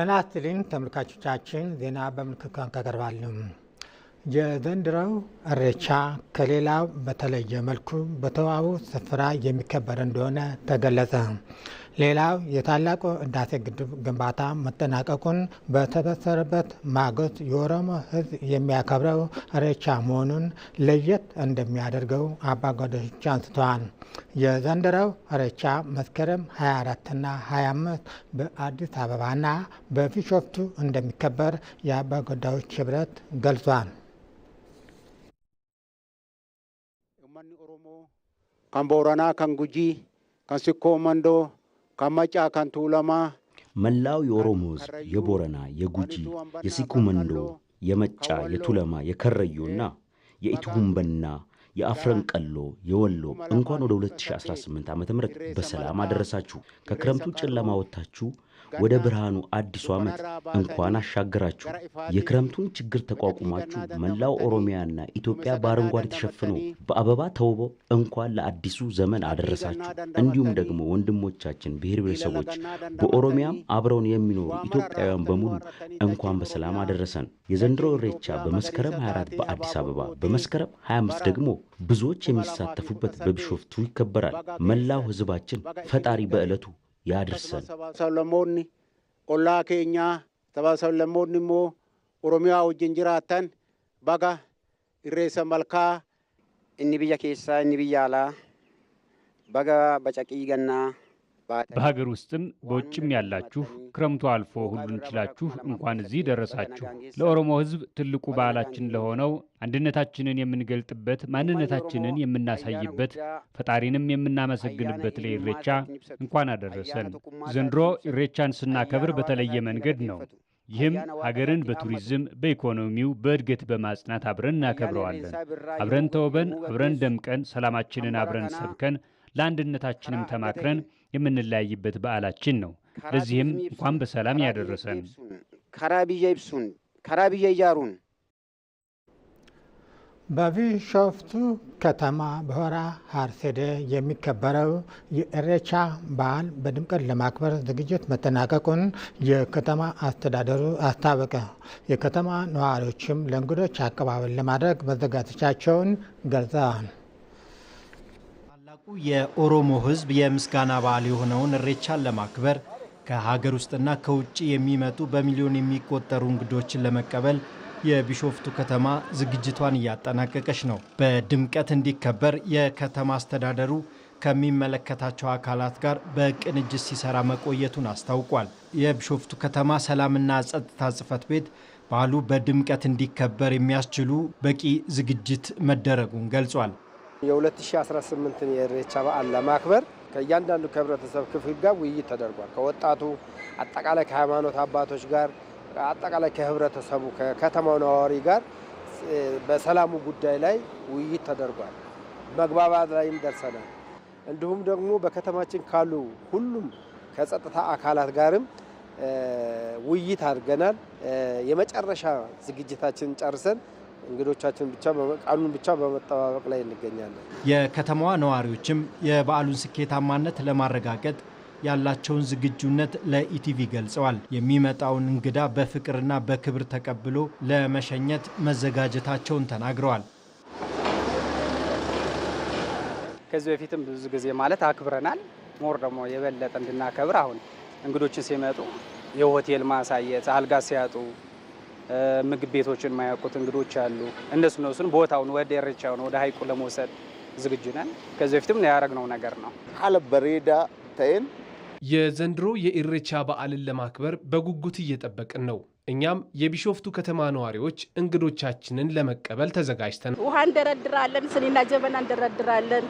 ጤና ይስጥልኝ ተመልካቾቻችን፣ ዜና በምልክት ቋንቋ ያቀርባል። የዘንድሮው እሬቻ ከሌላው በተለየ መልኩ በተዋቡ ስፍራ የሚከበር እንደሆነ ተገለጸ። ሌላው የታላቁ ህዳሴ ግድብ ግንባታ መጠናቀቁን በተበሰረበት ማግስት የኦሮሞ ህዝብ የሚያከብረው ኢሬቻ መሆኑን ለየት እንደሚያደርገው አባጓዶች አንስተዋል። የዘንድሮው ኢሬቻ መስከረም 24ና 25 በአዲስ አበባና በቢሾፍቱ እንደሚከበር የአባጓዳዎች ህብረት ገልጿል። ኦሮሞ ከን ቦረና ከን ጉጂ ከን ሲኮ መንዶ መላው የኦሮሞ የቦረና፣ የጉጂ፣ የሲኩመንዶ፣ የመጫ፣ የቱለማ፣ የከረዮና የኢትሁምበና የአፍረንቀሎ የወሎ እንኳን ወደ 2018 ዓ ም በሰላም አደረሳችሁ። ከክረምቱ ጨለማ ወጥታችሁ ወደ ብርሃኑ አዲሱ ዓመት እንኳን አሻገራችሁ። የክረምቱን ችግር ተቋቁማችሁ መላው ኦሮሚያና ኢትዮጵያ በአረንጓዴ ተሸፍኖ በአበባ ተውቦ እንኳን ለአዲሱ ዘመን አደረሳችሁ። እንዲሁም ደግሞ ወንድሞቻችን ብሔር ብሔረሰቦች በኦሮሚያም አብረውን የሚኖሩ ኢትዮጵያውያን በሙሉ እንኳን በሰላም አደረሰን። የዘንድሮ ኢሬቻ በመስከረም 24 በአዲስ አበባ፣ በመስከረም 25 ደግሞ ብዙዎች የሚሳተፉበት በቢሾፍቱ ይከበራል። መላው ሕዝባችን ፈጣሪ በዕለቱ yaadirsan. Sabaasaawlammoonni ollaa keenyaa sabaasaawlammoonni immoo Oromiyaa wajjin jiraatan baga irreessa malkaa. Inni biyya keessaa inni biyya alaa baga bacaqii gannaa. በሀገር ውስጥም በውጭም ያላችሁ ክረምቱ አልፎ ሁሉን ችላችሁ እንኳን እዚህ ደረሳችሁ። ለኦሮሞ ሕዝብ ትልቁ በዓላችን ለሆነው አንድነታችንን የምንገልጥበት፣ ማንነታችንን የምናሳይበት፣ ፈጣሪንም የምናመሰግንበት ለኢሬቻ እንኳን አደረሰን። ዘንድሮ ኢሬቻን ስናከብር በተለየ መንገድ ነው። ይህም ሀገርን በቱሪዝም በኢኮኖሚው በእድገት በማጽናት አብረን እናከብረዋለን። አብረን ተውበን አብረን ደምቀን ሰላማችንን አብረን ሰብከን ለአንድነታችንም ተማክረን የምንለያይበት በዓላችን ነው። ለዚህም እንኳን በሰላም ያደረሰን። ከራቢየብሱን ከራቢየያሩን በቢሾፍቱ ከተማ በሆራ ሀርሴዴ የሚከበረው የኢሬቻ በዓል በድምቀት ለማክበር ዝግጅት መጠናቀቁን የከተማ አስተዳደሩ አስታወቀ። የከተማ ነዋሪዎችም ለእንግዶች አቀባበል ለማድረግ መዘጋጀታቸውን ገልጸዋል። የኦሮሞ ህዝብ የምስጋና በዓል የሆነውን እሬቻን ለማክበር ከሀገር ውስጥና ከውጭ የሚመጡ በሚሊዮን የሚቆጠሩ እንግዶችን ለመቀበል የቢሾፍቱ ከተማ ዝግጅቷን እያጠናቀቀች ነው። በድምቀት እንዲከበር የከተማ አስተዳደሩ ከሚመለከታቸው አካላት ጋር በቅንጅት ሲሰራ መቆየቱን አስታውቋል። የቢሾፍቱ ከተማ ሰላምና ጸጥታ ጽህፈት ቤት በዓሉ በድምቀት እንዲከበር የሚያስችሉ በቂ ዝግጅት መደረጉን ገልጿል። የ2018ን የኢሬቻ በዓል ለማክበር ከእያንዳንዱ ከህብረተሰብ ክፍል ጋር ውይይት ተደርጓል። ከወጣቱ አጠቃላይ ከሃይማኖት አባቶች ጋር አጠቃላይ ከህብረተሰቡ ከከተማው ነዋሪ ጋር በሰላሙ ጉዳይ ላይ ውይይት ተደርጓል። መግባባት ላይም ደርሰናል። እንዲሁም ደግሞ በከተማችን ካሉ ሁሉም ከጸጥታ አካላት ጋርም ውይይት አድርገናል። የመጨረሻ ዝግጅታችን ጨርሰን እንግዶቻችን ብቻ ቃሉን ብቻ በመጠባበቅ ላይ እንገኛለን። የከተማዋ ነዋሪዎችም የበዓሉን ስኬታማነት ለማረጋገጥ ያላቸውን ዝግጁነት ለኢቲቪ ገልጸዋል። የሚመጣውን እንግዳ በፍቅርና በክብር ተቀብሎ ለመሸኘት መዘጋጀታቸውን ተናግረዋል። ከዚህ በፊትም ብዙ ጊዜ ማለት አክብረናል። ሞር ደግሞ የበለጠ እንድናከብር አሁን እንግዶችን ሲመጡ የሆቴል ማሳየት አልጋ ሲያጡ ምግብ ቤቶችን የማያውቁት እንግዶች አሉ። እነሱ እነሱን ቦታውን ወደ ኢሬቻውን ወደ ሀይቁ ለመውሰድ ዝግጁ ነን። ከዚህ በፊትም ያደረግነው ነገር ነው። አለ በሬዳ ተይን የዘንድሮ የኢሬቻ በዓልን ለማክበር በጉጉት እየጠበቅን ነው። እኛም የቢሾፍቱ ከተማ ነዋሪዎች እንግዶቻችንን ለመቀበል ተዘጋጅተን ውሃ እንደረድራለን፣ ስኒና ጀበና እንደረድራለን።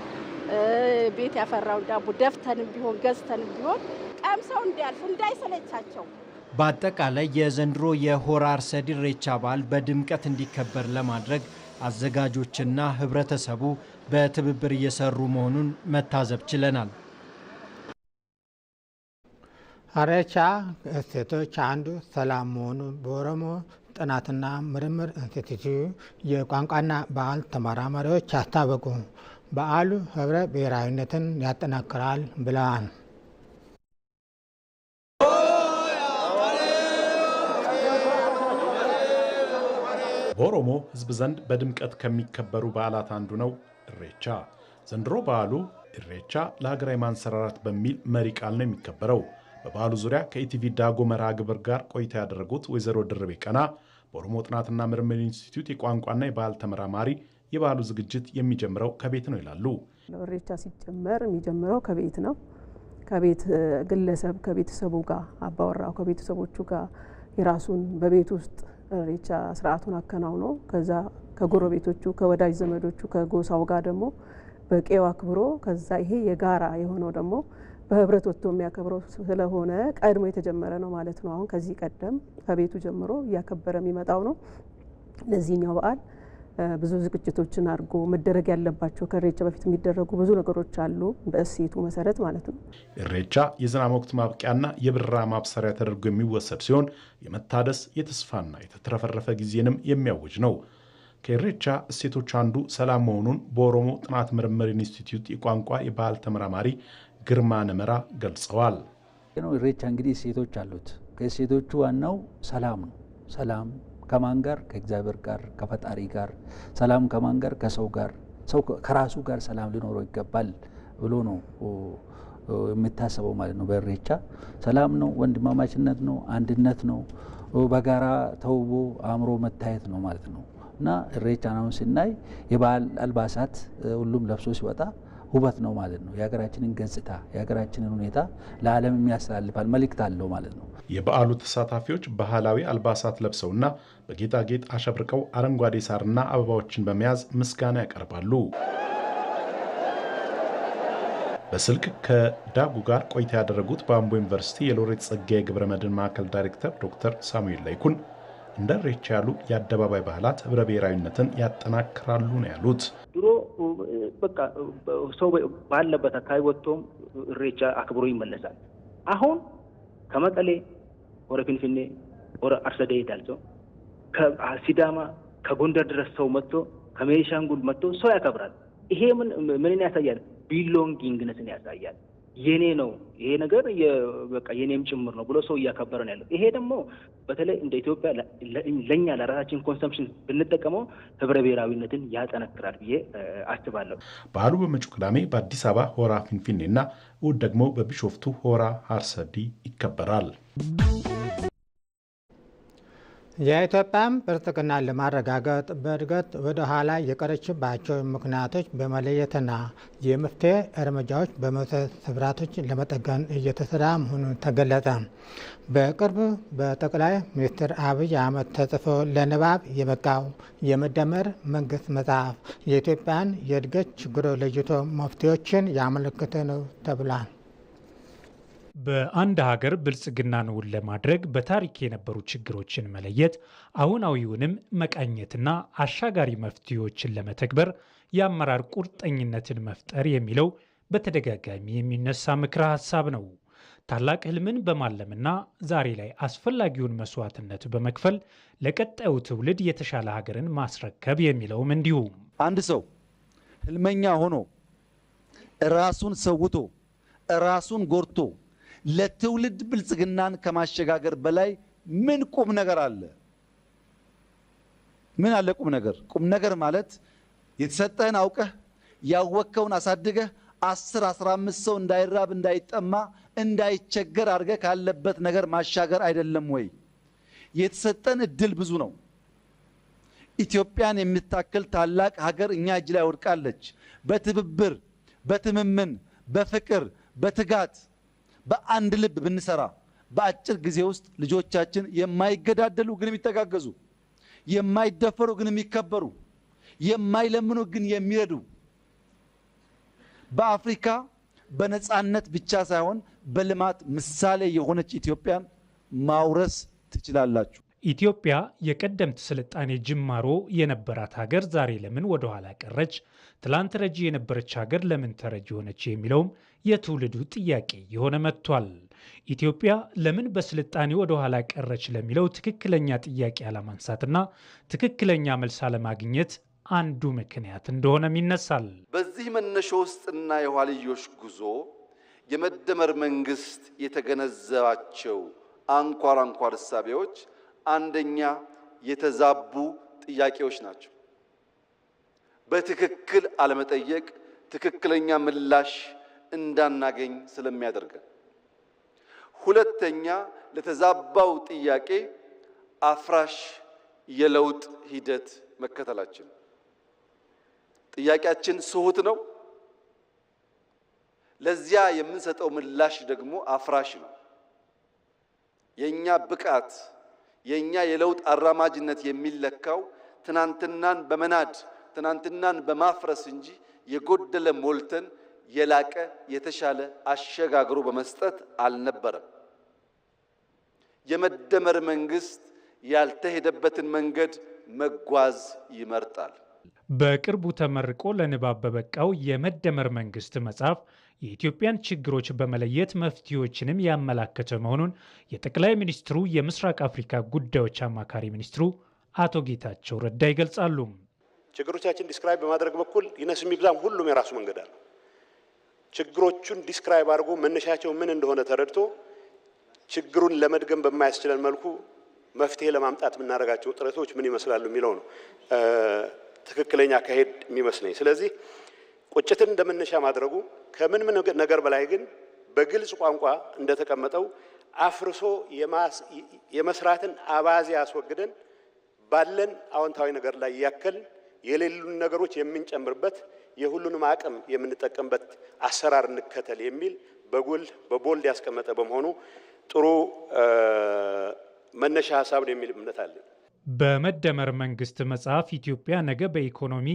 ቤት ያፈራውን ዳቦ ደፍተን ቢሆን ገዝተን ቢሆን ቀምሰው እንዲያልፉ እንዳይሰለቻቸው በአጠቃላይ የዘንድሮ የሆራ አርሰዲ ኢሬቻ በዓል በድምቀት እንዲከበር ለማድረግ አዘጋጆችና ህብረተሰቡ በትብብር እየሰሩ መሆኑን መታዘብ ችለናል። ኢሬቻ እሴቶች አንዱ ሰላም መሆኑን በኦሮሞ ጥናትና ምርምር ኢንስቲትዩት የቋንቋና ባህል ተመራማሪዎች አስታወቁ። በዓሉ ህብረ ብሔራዊነትን ያጠናክራል ብለዋል። በኦሮሞ ሕዝብ ዘንድ በድምቀት ከሚከበሩ በዓላት አንዱ ነው እሬቻ ዘንድሮ በዓሉ እሬቻ ለሀገራዊ ማንሰራራት በሚል መሪ ቃል ነው የሚከበረው። በበዓሉ ዙሪያ ከኢቲቪ ዳጎ መርሃ ግብር ጋር ቆይታ ያደረጉት ወይዘሮ ድርቤ ቀና በኦሮሞ ጥናትና ምርምር ኢንስቲትዩት የቋንቋና የባህል ተመራማሪ የበዓሉ ዝግጅት የሚጀምረው ከቤት ነው ይላሉ። እሬቻ ሲጀመር የሚጀምረው ከቤት ነው። ከቤት ግለሰብ ከቤተሰቡ ጋር አባወራው ከቤተሰቦቹ ጋር የራሱን በቤት ውስጥ እሬቻ ስርዓቱን አከናውኖ ከዛ ከጎረቤቶቹ ከወዳጅ ዘመዶቹ ከጎሳው ጋር ደግሞ በቄው አክብሮ ከዛ ይሄ የጋራ የሆነው ደግሞ በህብረት ወጥቶ የሚያከብረው ስለሆነ ቀድሞ የተጀመረ ነው ማለት ነው። አሁን ከዚህ ቀደም ከቤቱ ጀምሮ እያከበረ የሚመጣው ነው ለዚህኛው በዓል ብዙ ዝግጅቶችን አድርጎ መደረግ ያለባቸው ከኢሬቻ በፊት የሚደረጉ ብዙ ነገሮች አሉ፣ በእሴቱ መሰረት ማለት ነው። ኢሬቻ የዝናብ ወቅት ማብቂያና የብራ ማብሰሪያ ተደርጎ የሚወሰድ ሲሆን የመታደስ የተስፋና የተትረፈረፈ ጊዜንም የሚያውጅ ነው። ከኢሬቻ እሴቶች አንዱ ሰላም መሆኑን በኦሮሞ ጥናት ምርምር ኢንስቲትዩት የቋንቋ የባህል ተመራማሪ ግርማ ነመራ ገልጸዋል። ኢሬቻ እንግዲህ እሴቶች አሉት። ከእሴቶቹ ዋናው ሰላም ነው። ሰላም ከማን ጋር? ከእግዚአብሔር ጋር፣ ከፈጣሪ ጋር። ሰላም ከማን ጋር? ከሰው ጋር። ሰው ከራሱ ጋር ሰላም ሊኖረው ይገባል ብሎ ነው የሚታሰበው ማለት ነው። በኢሬቻ ሰላም ነው፣ ወንድማማችነት ነው፣ አንድነት ነው፣ በጋራ ተውቦ አእምሮ መታየት ነው ማለት ነው እና ኢሬቻን አሁን ስናይ የበዓል አልባሳት ሁሉም ለብሶ ሲወጣ ውበት ነው ማለት ነው። የሀገራችንን ገጽታ የሀገራችንን ሁኔታ ለዓለም የሚያስተላልፋል መልእክት አለው ማለት ነው። የበዓሉ ተሳታፊዎች ባህላዊ አልባሳት ለብሰውና በጌጣጌጥ አሸብርቀው አረንጓዴ ሳርና አበባዎችን በመያዝ ምስጋና ያቀርባሉ። በስልክ ከዳጉ ጋር ቆይታ ያደረጉት በአምቦ ዩኒቨርሲቲ የሎሬት ጸጋዬ የግብረ መድን ማዕከል ዳይሬክተር ዶክተር ሳሙኤል ላይኩን እንደ ሬቻ ያሉ የአደባባይ ባህላት ህብረ ብሔራዊነትን ያጠናክራሉ ነው ያሉት። ድሮ በቃ ሰው ባለበት አካባቢ ወጥቶም እሬቻ አክብሮ ይመለሳል። አሁን ከመቀሌ ወረ ፊንፊኔ ወረ አርሰደ ይሄዳል ሰው ከሲዳማ ከጎንደር ድረስ ሰው መጥቶ ከሜሻንጉል መጥቶ ሰው ያከብራል። ይሄ ምን ምንን ያሳያል? ቢሎንጊንግነትን ያሳያል። የኔ ነው ይሄ ነገር በቃ የኔም ጭምር ነው ብሎ ሰው እያከበረ ነው ያለው። ይሄ ደግሞ በተለይ እንደ ኢትዮጵያ ለእኛ ለራሳችን ኮንሰምፕሽን ብንጠቀመው ህብረ ብሔራዊነትን ያጠነክራል ብዬ አስባለሁ። በዓሉ በመጪው ቅዳሜ በአዲስ አበባ ሆራ ፊንፊኔ እና እሑድ ደግሞ በቢሾፍቱ ሆራ ሀርሰዲ ይከበራል። የኢትዮጵያም ብልጽግናን ለማረጋገጥ በእድገት ወደ ኋላ የቀረችባቸው ምክንያቶች በመለየትና የመፍትሄ እርምጃዎች በመውሰድ ስብራቶች ለመጠገን እየተሰራ መሆኑን ተገለጸ። በቅርብ በጠቅላይ ሚኒስትር አብይ አህመድ ተጽፎ ለንባብ የበቃው የመደመር መንግስት መጽሐፍ የኢትዮጵያን የእድገት ችግሮች ለይቶ መፍትሄዎችን ያመለክት ነው ተብሏል። በአንድ ሀገር ብልጽግናን እውን ለማድረግ በታሪክ የነበሩ ችግሮችን መለየት፣ አሁናዊውንም መቃኘትና አሻጋሪ መፍትሄዎችን ለመተግበር የአመራር ቁርጠኝነትን መፍጠር የሚለው በተደጋጋሚ የሚነሳ ምክረ ሀሳብ ነው። ታላቅ ህልምን በማለምና ዛሬ ላይ አስፈላጊውን መስዋዕትነት በመክፈል ለቀጣዩ ትውልድ የተሻለ ሀገርን ማስረከብ የሚለውም እንዲሁ። አንድ ሰው ህልመኛ ሆኖ ራሱን ሰውቶ ራሱን ጎርቶ ለትውልድ ብልጽግናን ከማሸጋገር በላይ ምን ቁም ነገር አለ? ምን አለ ቁም ነገር? ቁም ነገር ማለት የተሰጠህን አውቀህ ያወከውን አሳድገህ አስር አስራ አምስት ሰው እንዳይራብ እንዳይጠማ እንዳይቸገር አድርገህ ካለበት ነገር ማሻገር አይደለም ወይ? የተሰጠን እድል ብዙ ነው። ኢትዮጵያን የምታክል ታላቅ ሀገር እኛ እጅ ላይ ወድቃለች። በትብብር፣ በትምምን፣ በፍቅር፣ በትጋት በአንድ ልብ ብንሰራ በአጭር ጊዜ ውስጥ ልጆቻችን የማይገዳደሉ ግን የሚተጋገዙ፣ የማይደፈሩ ግን የሚከበሩ፣ የማይለምኑ ግን የሚረዱ በአፍሪካ በነፃነት ብቻ ሳይሆን በልማት ምሳሌ የሆነች ኢትዮጵያን ማውረስ ትችላላችሁ። ኢትዮጵያ የቀደምት ስልጣኔ ጅማሮ የነበራት ሀገር ዛሬ ለምን ወደኋላ ቀረች? ትላንት ረጂ የነበረች ሀገር ለምን ተረጂ ሆነች? የሚለውም የትውልዱ ጥያቄ የሆነ መጥቷል። ኢትዮጵያ ለምን በስልጣኔ ወደኋላ ቀረች ለሚለው ትክክለኛ ጥያቄ አለማንሳትና ትክክለኛ መልስ አለማግኘት አንዱ ምክንያት እንደሆነም ይነሳል። በዚህ መነሾ ውስጥና የኋልዮሽ ጉዞ የመደመር መንግስት የተገነዘባቸው አንኳር አንኳር እሳቤዎች አንደኛ የተዛቡ ጥያቄዎች ናቸው። በትክክል አለመጠየቅ ትክክለኛ ምላሽ እንዳናገኝ ስለሚያደርገን፣ ሁለተኛ ለተዛባው ጥያቄ አፍራሽ የለውጥ ሂደት መከተላችን። ጥያቄያችን ስሁት ነው። ለዚያ የምንሰጠው ምላሽ ደግሞ አፍራሽ ነው። የእኛ ብቃት የእኛ የለውጥ አራማጅነት የሚለካው ትናንትናን በመናድ ትናንትናን በማፍረስ እንጂ የጎደለ ሞልተን የላቀ የተሻለ አሸጋግሮ በመስጠት አልነበረም። የመደመር መንግስት ያልተሄደበትን መንገድ መጓዝ ይመርጣል። በቅርቡ ተመርቆ ለንባብ በበቃው የመደመር መንግስት መጽሐፍ የኢትዮጵያን ችግሮች በመለየት መፍትሄዎችንም ያመላከተ መሆኑን የጠቅላይ ሚኒስትሩ የምስራቅ አፍሪካ ጉዳዮች አማካሪ ሚኒስትሩ አቶ ጌታቸው ረዳ ይገልጻሉ። ችግሮቻችን ዲስክራይብ በማድረግ በኩል ይነስ የሚብዛም ሁሉም የራሱ መንገድ አለው። ችግሮቹን ዲስክራይብ አድርጎ መነሻቸው ምን እንደሆነ ተረድቶ ችግሩን ለመድገም በማያስችለን መልኩ መፍትሄ ለማምጣት የምናደርጋቸው ጥረቶች ምን ይመስላሉ የሚለው ነው ትክክለኛ አካሄድ የሚመስለኝ። ስለዚህ ቁጭትን እንደመነሻ ማድረጉ ከምን ምን ነገር በላይ ግን በግልጽ ቋንቋ እንደተቀመጠው አፍርሶ የመስራትን አባዜ አስወግደን ባለን አዎንታዊ ነገር ላይ ያከል የሌሉን ነገሮች የምንጨምርበት የሁሉንም አቅም የምንጠቀምበት አሰራር እንከተል የሚል በጎል በቦልድ ያስቀመጠ በመሆኑ ጥሩ መነሻ ሀሳብ ነው የሚል እምነት አለን። በመደመር መንግስት መጽሐፍ ኢትዮጵያ ነገ በኢኮኖሚ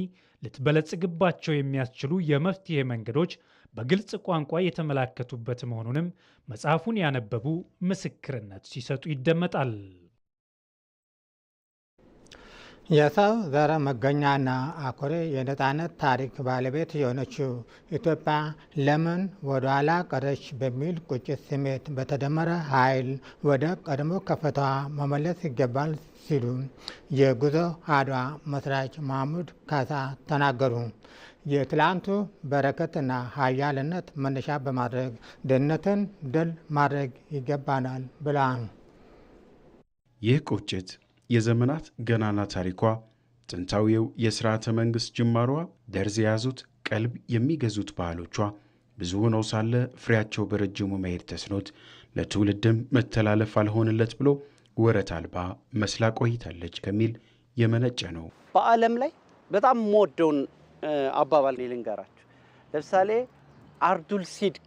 ልትበለጽግባቸው የሚያስችሉ የመፍትሄ መንገዶች በግልጽ ቋንቋ የተመላከቱበት መሆኑንም መጽሐፉን ያነበቡ ምስክርነት ሲሰጡ ይደመጣል። የሰው ዘር መገኛና አኩሪ የነጻነት ታሪክ ባለቤት የሆነችው ኢትዮጵያ ለምን ኋላ ቀረች በሚል ቁጭት ስሜት በተደመረ ኃይል ወደ ቀድሞ ከፍታዋ መመለስ ይገባል ሲሉ የጉዞ አድዋ መስራች ማሙድ ካሳ ተናገሩ። የትላንቱ በረከትና ሀያልነት መነሻ በማድረግ ድህነትን ድል ማድረግ ይገባናል ብለዋል። ይህ ቁጭት የዘመናት ገናና ታሪኳ፣ ጥንታዊው የሥርዓተ መንግሥት ጅማሯ፣ ደርዝ የያዙት ቀልብ የሚገዙት ባህሎቿ ብዙ ሆነው ሳለ ፍሬያቸው በረጅሙ መሄድ ተስኖት ለትውልድም መተላለፍ አልሆንለት ብሎ ወረት አልባ መስላ ቆይታለች ከሚል የመነጨ ነው። በዓለም ላይ በጣም የምወደውን አባባል ልንገራችሁ። ለምሳሌ አርዱል ሲድቅ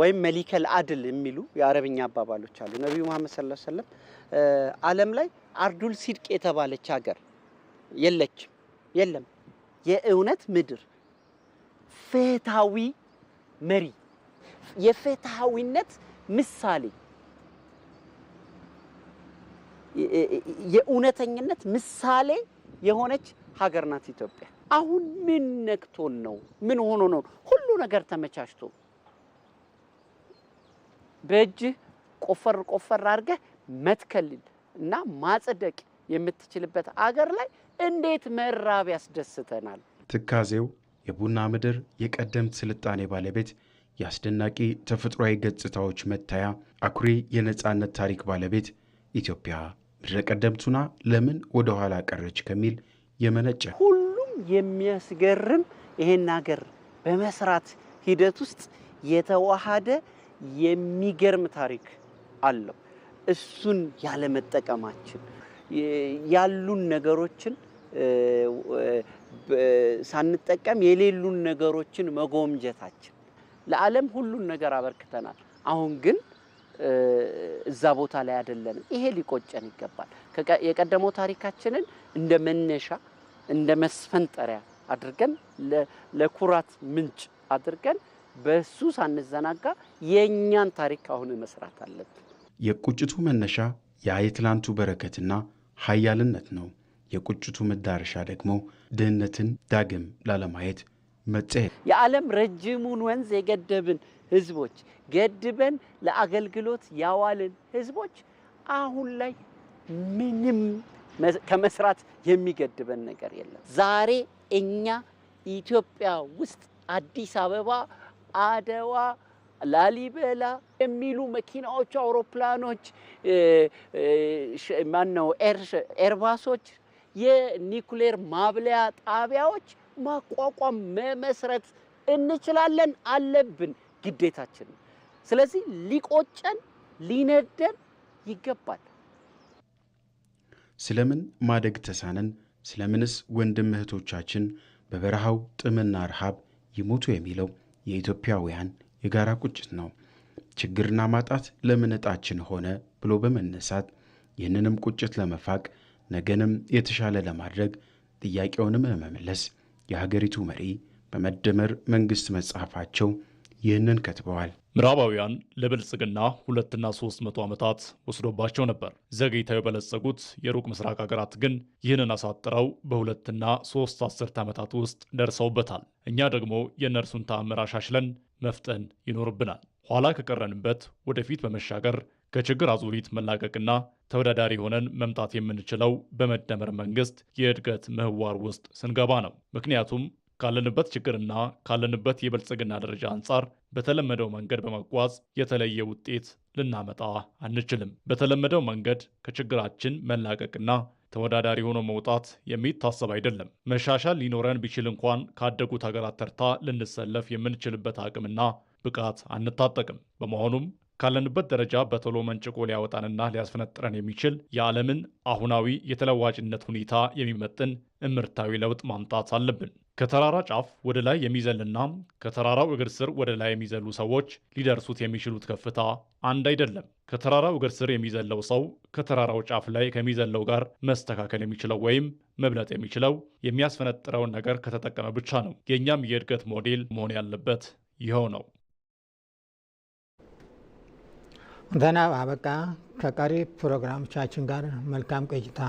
ወይም መሊከል አድል የሚሉ የአረብኛ አባባሎች አሉ። ነቢዩ መሐመድ ሰለላሁ ዐለይሂ ወሰለም ዓለም ላይ አርዱል ሲድቅ የተባለች ሀገር የለችም፣ የለም። የእውነት ምድር፣ ፍትሃዊ መሪ፣ የፍትሃዊነት ምሳሌ የእውነተኝነት ምሳሌ የሆነች ሀገር ናት ኢትዮጵያ። አሁን ምን ነክቶን ነው? ምን ሆኖ ነው? ሁሉ ነገር ተመቻችቶ በእጅህ ቆፈር ቆፈር አድርገህ መትከል እና ማጽደቅ የምትችልበት አገር ላይ እንዴት መራብ ያስደስተናል? ትካዜው የቡና ምድር የቀደምት ስልጣኔ ባለቤት የአስደናቂ ተፈጥሯዊ ገጽታዎች መታያ አኩሪ የነፃነት ታሪክ ባለቤት ኢትዮጵያ ምድረቀደምቱና ለምን ወደ ኋላ ቀረች ከሚል የመነጨ ሁሉም የሚያስገርም ይሄን ሀገር በመስራት ሂደት ውስጥ የተዋሃደ የሚገርም ታሪክ አለው። እሱን ያለመጠቀማችን ያሉን ነገሮችን ሳንጠቀም የሌሉን ነገሮችን መጎምጀታችን ለዓለም ሁሉን ነገር አበርክተናል። አሁን ግን እዛ ቦታ ላይ አይደለንም። ይሄ ሊቆጨን ይገባል። የቀደመው ታሪካችንን እንደ መነሻ እንደ መስፈንጠሪያ አድርገን ለኩራት ምንጭ አድርገን በሱ ሳንዘናጋ የእኛን ታሪክ አሁን መስራት አለብን። የቁጭቱ መነሻ የትላንቱ በረከትና ሀያልነት ነው። የቁጭቱ መዳረሻ ደግሞ ድህነትን ዳግም ላለማየት መጽሔት የዓለም ረጅሙን ወንዝ የገደብን ህዝቦች ገድበን ለአገልግሎት ያዋልን ህዝቦች አሁን ላይ ምንም ከመስራት የሚገድበን ነገር የለም። ዛሬ እኛ ኢትዮጵያ ውስጥ አዲስ አበባ፣ አደዋ፣ ላሊበላ የሚሉ መኪናዎች፣ አውሮፕላኖች፣ ማነው ኤርባሶች፣ የኒኩሌር ማብለያ ጣቢያዎች ማቋቋም መመስረት እንችላለን፣ አለብን። ግዴታችን ነው። ስለዚህ ሊቆጨን ሊነደን ይገባል። ስለምን ማደግ ተሳነን? ስለምንስ ወንድም እህቶቻችን በበረሃው ጥምና ረሃብ ይሞቱ የሚለው የኢትዮጵያውያን የጋራ ቁጭት ነው። ችግርና ማጣት ለምን ዕጣችን ሆነ ብሎ በመነሳት ይህንንም ቁጭት ለመፋቅ ነገንም የተሻለ ለማድረግ ጥያቄውንም ለመመለስ የሀገሪቱ መሪ በመደመር መንግሥት መጽሐፋቸው ይህንን ከትበዋል። ምዕራባውያን ለብልጽግና ሁለትና ሶስት መቶ ዓመታት ወስዶባቸው ነበር። ዘግይተው የበለጸጉት የሩቅ ምስራቅ ሀገራት ግን ይህንን አሳጥረው በሁለትና ሶስት አስርት ዓመታት ውስጥ ደርሰውበታል። እኛ ደግሞ የእነርሱን ተአምር አሻሽለን መፍጠን ይኖርብናል። ኋላ ከቀረንበት ወደፊት በመሻገር ከችግር አዙሪት መላቀቅና ተወዳዳሪ ሆነን መምጣት የምንችለው በመደመር መንግስት የእድገት ምህዋር ውስጥ ስንገባ ነው። ምክንያቱም ካለንበት ችግርና ካለንበት የብልጽግና ደረጃ አንጻር በተለመደው መንገድ በመጓዝ የተለየ ውጤት ልናመጣ አንችልም። በተለመደው መንገድ ከችግራችን መላቀቅና ተወዳዳሪ ሆኖ መውጣት የሚታሰብ አይደለም። መሻሻል ሊኖረን ቢችል እንኳን ካደጉት ሀገራት ተርታ ልንሰለፍ የምንችልበት አቅምና ብቃት አንታጠቅም። በመሆኑም ካለንበት ደረጃ በቶሎ መንጭቆ ሊያወጣንና ሊያስፈነጥረን የሚችል የዓለምን አሁናዊ የተለዋጭነት ሁኔታ የሚመጥን እምርታዊ ለውጥ ማምጣት አለብን። ከተራራ ጫፍ ወደ ላይ የሚዘልና ከተራራው እግር ስር ወደ ላይ የሚዘሉ ሰዎች ሊደርሱት የሚችሉት ከፍታ አንድ አይደለም። ከተራራው እግር ስር የሚዘለው ሰው ከተራራው ጫፍ ላይ ከሚዘለው ጋር መስተካከል የሚችለው ወይም መብለጥ የሚችለው የሚያስፈነጥረውን ነገር ከተጠቀመ ብቻ ነው። የእኛም የእድገት ሞዴል መሆን ያለበት ይኸው ነው። ዜና አበቃ። ከቀሪ ፕሮግራሞቻችን ጋር መልካም ቆይታ